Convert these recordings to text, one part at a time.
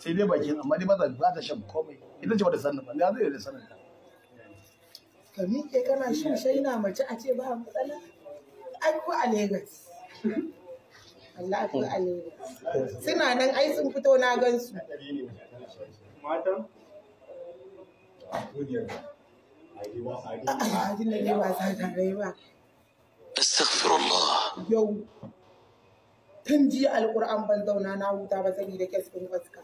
sai dai bakin amma dai ba ta ba ta shan komai ita ji ba ta sanin ba na zai da sanin ta ka miƙe kana shin sai ina mace a ce ba matsala ai ko a Lagos Allah ku a Lagos suna nan ai sun fito na gansu matan Astaghfirullah. Yau, tun jiya alƙur'an ban zauna na huta ba saboda kes ɗin fuska.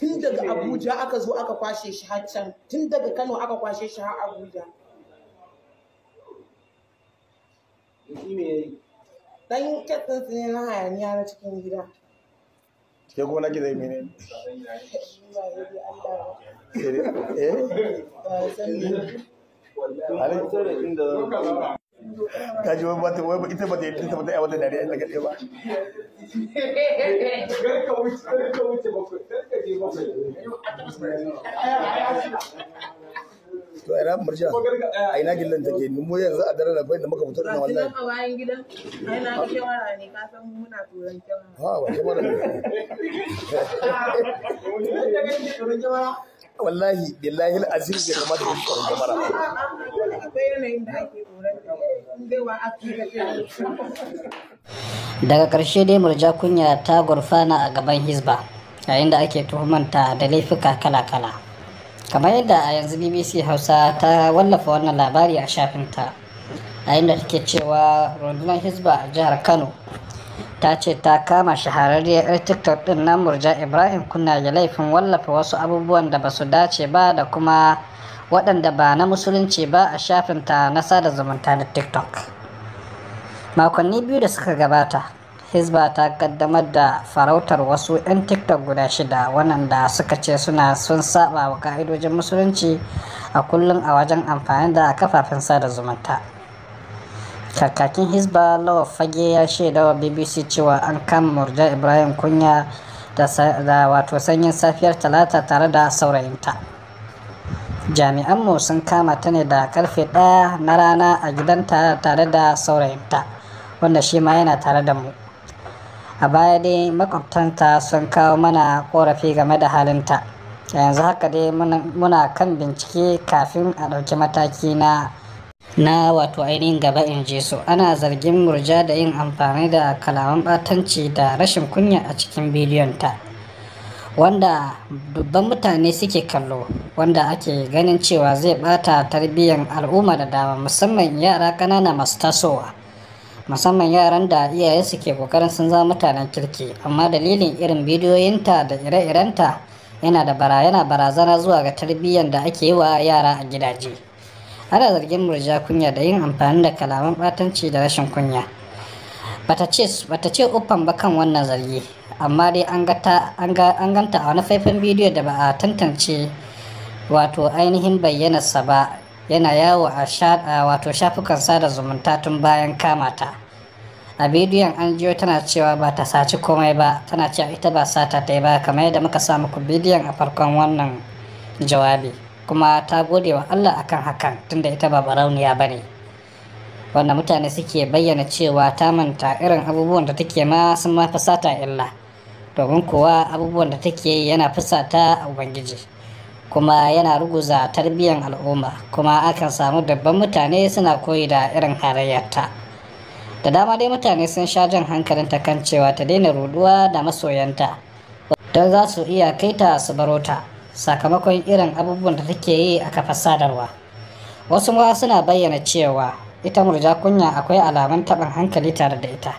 tun daga abuja aka zo aka kwashe shi har can tun daga kano aka kwashe shi har abuja dan kyatsin su ne na hayaniya na cikin gida ke kuma ke zai mene ne? ta ji wani bata wani ita bata ita bata yawa da ba. Garka wuce garka wuce bakwai garka bakwai. To ina murja a ina gillan take ni mu yanzu a na akwai da muka fito ina Ba bayan gidan shawara ne ka muna turan Ha ba ne. wallahi billahi mara daga ƙarshe dai murja kunya ta gurfana a gaban Hisba, yayin da ake tuhumanta da laifuka kala-kala kamar yadda a yanzu bbc hausa ta wallafa wannan labari a shafinta yayin da take cewa rundunar Hisba a jihar kano ta ce ta kama shahararriyar 'yar tiktok din na murja ibrahim kunna da laifin wallafa wasu abubuwan da ba su dace ba da kuma waɗanda ba na musulunci ba a shafinta na sada zumunta na tiktok makonni biyu da suka gabata hizba ta kaddamar da farautar wasu 'yan tiktok guda shida waɗanda suka ce suna sun saba wa ka'idojin musulunci a kullum a wajen amfani da kafafen sada zumunta kakakin hisba lawa fage ya shaida wa bbc cewa an kan murja ibrahim kunya da wato sanyin safiyar talata tare da saurayinta jami'anmu sun kama ta ne da karfe ɗaya na rana a gidanta tare da saurayinta wanda shi ma yana tare da mu a baya dai makwabtanta sun kawo mana korafi game da halinta yanzu haka dai muna kan bincike kafin a ɗauki mataki na na wato ainihin gaba in je su ana zargin murja da yin amfani da kalaman batanci da rashin kunya a cikin bidiyon ta wanda dubban mutane suke kallo wanda ake ganin cewa zai bata tarbiyyar al'umma da dama musamman yara kanana masu tasowa musamman yaran da iyaye suke kokarin sun zama mutanen kirki amma dalilin irin bidiyoyinta da ire-irenta yana da bara barazana zuwa ga tarbiyyar da ake yi wa yara a gidaje ana zargin murja kunya da yin amfani da kalaman batanci da rashin kunya bata ce uffan ba kan wannan zargi amma dai an ganta a wani faifan bidiyo da ba a tantance wato ainihin bayyanarsa ba yana yawo a wato shafukan sada zumunta tun bayan kamata a bidiyon an jiyo tana cewa ba ta saci komai ba tana cewa ita ba sata ta yi ba kamar yadda muka samu ku bidiyon a farkon wannan jawabi kuma ta gode wa Allah akan hakan tunda ita ba barauniya bane wanda mutane suke bayyana cewa ta manta irin abubuwan da take ma sun ma fasata illa domin kuwa abubuwan da take yana fasata a ubangiji kuma yana ruguza tarbiyyar al'umma kuma akan samu dabban mutane suna koyi da irin ta da dama dai mutane sun sha jan hankalin ta kan cewa ta daina ruduwa da masoyanta don za su iya kaita su baro sakamakon irin abubuwan da take yi a kafar sadarwa wasu ma suna bayyana cewa ita murja kunya akwai alamun taɓin hankali tare da ita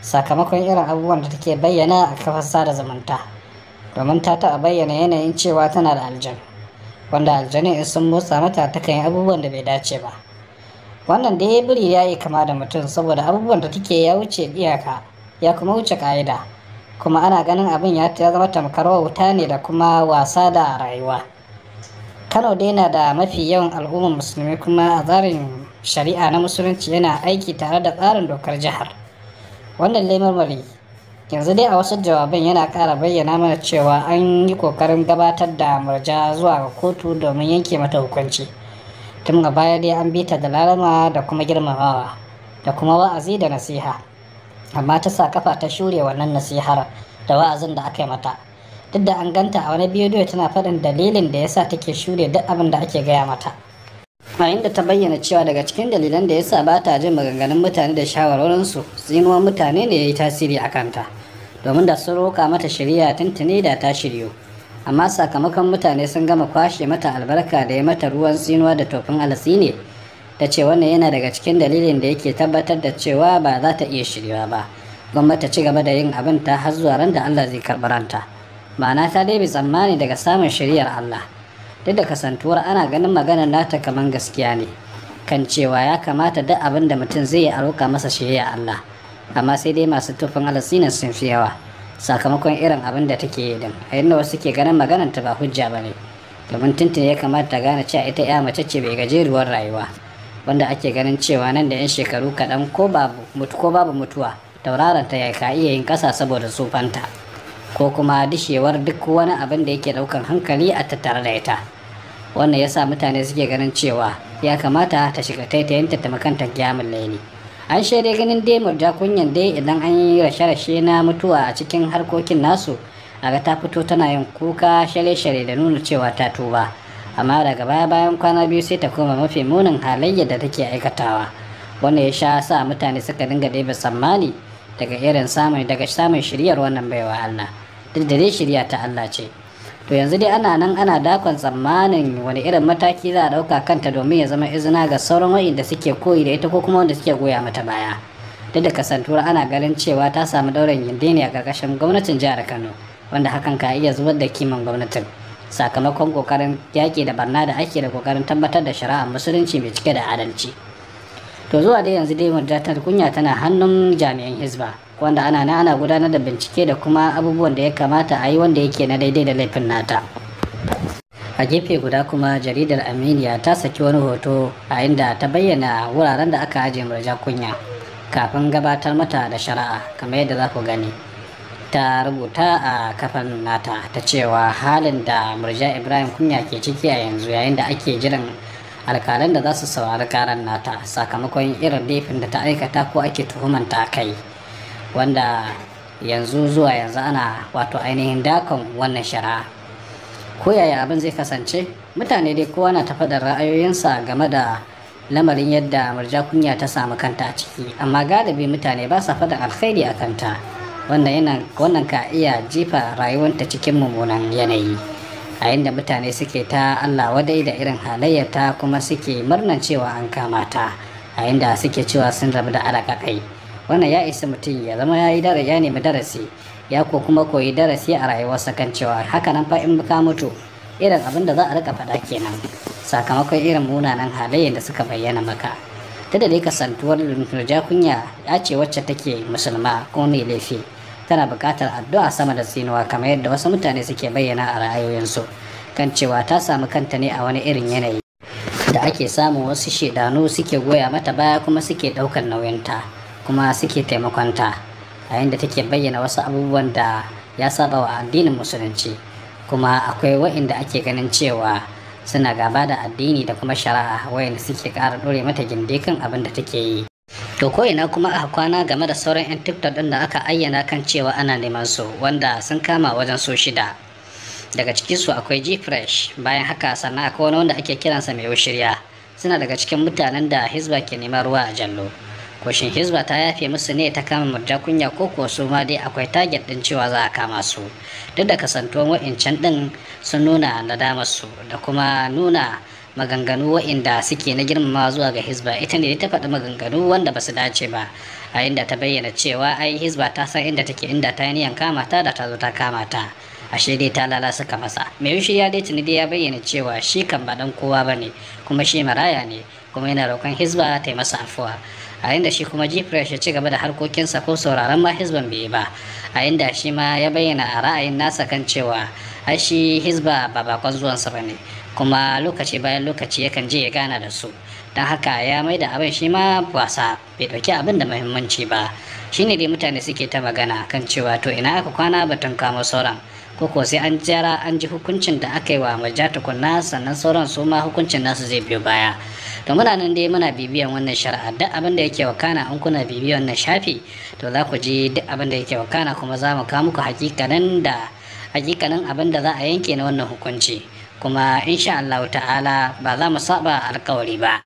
sakamakon irin abubuwan da take bayyana a kafar sada zumunta domin ta taɓa bayyana yanayin cewa tana da aljan wanda aljanin sun motsa mata ta kan abubuwan da bai dace ba wannan da ya biri ya yi kama da mutum saboda abubuwan da take ya wuce iyaka ya kuma wuce ƙa'ida. kuma ana ganin abin ya zama tamkar wuta ne da kuma wasa da rayuwa kano dai na da mafi yawan al'ummar musulmi kuma a tsarin shari'a na musulunci yana aiki tare da tsarin dokar jihar wannan lemarmari yanzu dai a wasu jawaban yana kara bayyana mana cewa an yi kokarin gabatar da murja zuwa ga kotu domin yanke mata hukunci tun a baya dai an bi ta da lalama da kuma girmamawa da kuma wa'azi da nasiha amma ta sa kafa ta shure wannan nasihar da wa'azin da aka yi mata duk da an ganta a wani bidiyo tana faɗin dalilin da yasa take shure duk abin da ake gaya mata a inda ta bayyana cewa daga cikin dalilan da yasa ba ta jin maganganun mutane da shawarwarinsu tsinuwan mutane ne ya yi tasiri a kanta domin da sun roƙa mata shirya tuntuni da ta shiryo, amma sakamakon mutane sun gama kwashe mata albarka da ya mata ruwan tsinuwa da tofin alasi ne ta ce wannan yana daga cikin dalilin da yake tabbatar da cewa ba za ta iya shirya ba gwamnati ci gaba da yin abin ta har zuwa ran da Allah zai karɓi ranta ma'ana ta dai bi tsammani daga samun shiriyar Allah duk da kasantuwar ana ganin maganar nata kaman gaskiya ne kan cewa ya kamata duk abin da mutum zai yi a roƙa masa shiriyar Allah amma sai dai masu tufin alasinan sun fi yawa sakamakon irin abin da take yi din a yadda wasu ke ganin maganar ta ba hujja ba ne domin tuntun ya kamata gane cewa ita ya mace ce bai gajeruwar rayuwa wanda ake ganin cewa nan da 'yan shekaru kaɗan ko babu mutuwa tauraron ta ka iya yin ƙasa saboda tsufanta ko kuma dishewar duk wani abin da yake ɗaukan hankali a tattare da ita wannan yasa mutane suke ganin cewa ya kamata ta shiga taitayinta ta makanta gyamun laini an shaidai ganin dai murja kunyan dai idan an yi rashe-rashe na mutuwa a cikin harkokin nasu a ga ta fito tana yin kuka shale-shale da nuna cewa ta tuba. amma daga baya bayan kwana biyu sai ta koma mafi munin halayyar da take aikatawa wanda ya sha sa mutane suka dinga ɗebe tsammani daga irin samun daga samun shiryar wannan baiwa Allah duk da dai shirya ta Allah ce to yanzu dai ana nan ana dakon tsammanin wani irin mataki za a ɗauka kanta domin ya zama izina ga sauran wa'inda suke koyi da ita ko kuma wanda suke goya mata baya duk da kasantuwar ana ganin cewa ta samu daurin yindini a ƙarƙashin gwamnatin jihar Kano wanda hakan ka iya zubar da kiman gwamnatin. sakamakon kokarin yaƙi da barna da ake da kokarin tabbatar da shari'a musulunci mai cike da adalci to zuwa dai yanzu dai wadatar kunya tana hannun jami'an hizba wanda ana na ana gudanar da bincike da kuma abubuwan da ya kamata a yi wanda yake na daidai da laifin nata a gefe guda kuma jaridar aminiya ta saki wani hoto a inda ta bayyana wuraren da aka ajiye murja kunya kafin gabatar mata da shari'a kamar yadda za ku gani ta rubuta a kafan nata ta cewa halin da murja ibrahim kunya ke ciki a yanzu yayin da ake jiran alkalan da za su saurari karan nata sakamakon irin laifin da ta aikata ko ake tuhumanta kai wanda yanzu zuwa yanzu ana wato ainihin dakon wannan shari'a ko yaya abin zai kasance mutane dai kowa na ta faɗin ra'ayoyinsa game da lamarin yadda murja kunya ta samu kanta a ciki amma galibi mutane ba sa faɗin alkhairi a kanta wanda yana wannan ka iya jifa rayuwarta cikin mummunan yanayi a yadda mutane suke ta allah wadai da irin halayyata kuma suke murnan cewa an kama ta a yadda suke cewa sun rabu da alaƙaƙai wannan ya isa mutum ya zama ya yi ya nemi darasi ya ko kuma koyi darasi a rayuwarsa kan cewa haka nan fa in ka mutu irin abin da za a rika faɗa kenan sakamakon irin munanan halayyar da suka bayyana maka ta da dai kasantuwar kunya ya ce wacce take musulma ko mai laifi tana buƙatar addu'a sama da tsinuwa kamar yadda wasu mutane suke bayyana a ra'ayoyinsu kan cewa ta samu kanta ne a wani irin yanayi da ake samun wasu shedanu suke goya mata baya kuma suke ɗaukar nauyinta kuma suke taimakonta a da take bayyana wasu abubuwan da ya saba wa addinin musulunci kuma akwai wa'inda ake ganin cewa suna gaba da addini da kuma shari'a wa'inda suke ƙara ɗore mata gindikan kan abin da take yi To ko ina kuma a kwana game da sauran 'yan TikTok ɗin da aka ayyana kan cewa ana neman su wanda sun kama wajen so shida. Daga su akwai G-Fresh bayan haka sannan akwai wani wanda ake kiransa mai shirya suna daga cikin mutanen da Hizba ke neman ruwa a jallo. Koshin Hizba ta yafe musu ne ta kama murja kunya ko kuwa su ma dai akwai target ɗin cewa za a kama su. Duk da kasantuwan wa'incan ɗin sun nuna nadamar su da kuma nuna maganganu waɗanda suke na girmama zuwa ga hizba ita ne ta faɗi maganganu wanda ba su dace ba a inda ta bayyana cewa ai hizba ta san inda take inda ta niyan kama ta da ta zo ta kama ta ashe dai ta lala suka masa mai shi ya dai tuni ya bayyana cewa shi kan ba dan kowa ba ne. kuma shi maraya ne kuma yana roƙon hizba ta yi masa afuwa a inda shi kuma jifresh ya ci gaba da harkokinsa ko sauraron ma hizban bai ba a inda shi ma ya bayyana a ra'ayin nasa kan cewa ai shi hizba ba bakon zuwansa ba ne. kuma lokaci bayan lokaci yakan je ya gana da su don haka ya mai da abin shi ma wasa bai ɗauki abin da muhimmanci ba shine dai mutane suke ta magana kan cewa to ina aka kwana batun kamo sauran ko sai an jara an ji hukuncin da aka yi wa marja tukunna sannan sauran su ma hukuncin nasu zai biyo baya to muna nan dai muna bibiyan wannan shari'a duk abin da yake wakana an kuna bibiyan wannan shafi to za ku ji duk abin da yake wakana kuma za mu kawo muku hakikanin da hakikanin abin da za a yanke na wannan hukunci kuma insha Allah ta'ala ba za mu saba alƙawari ba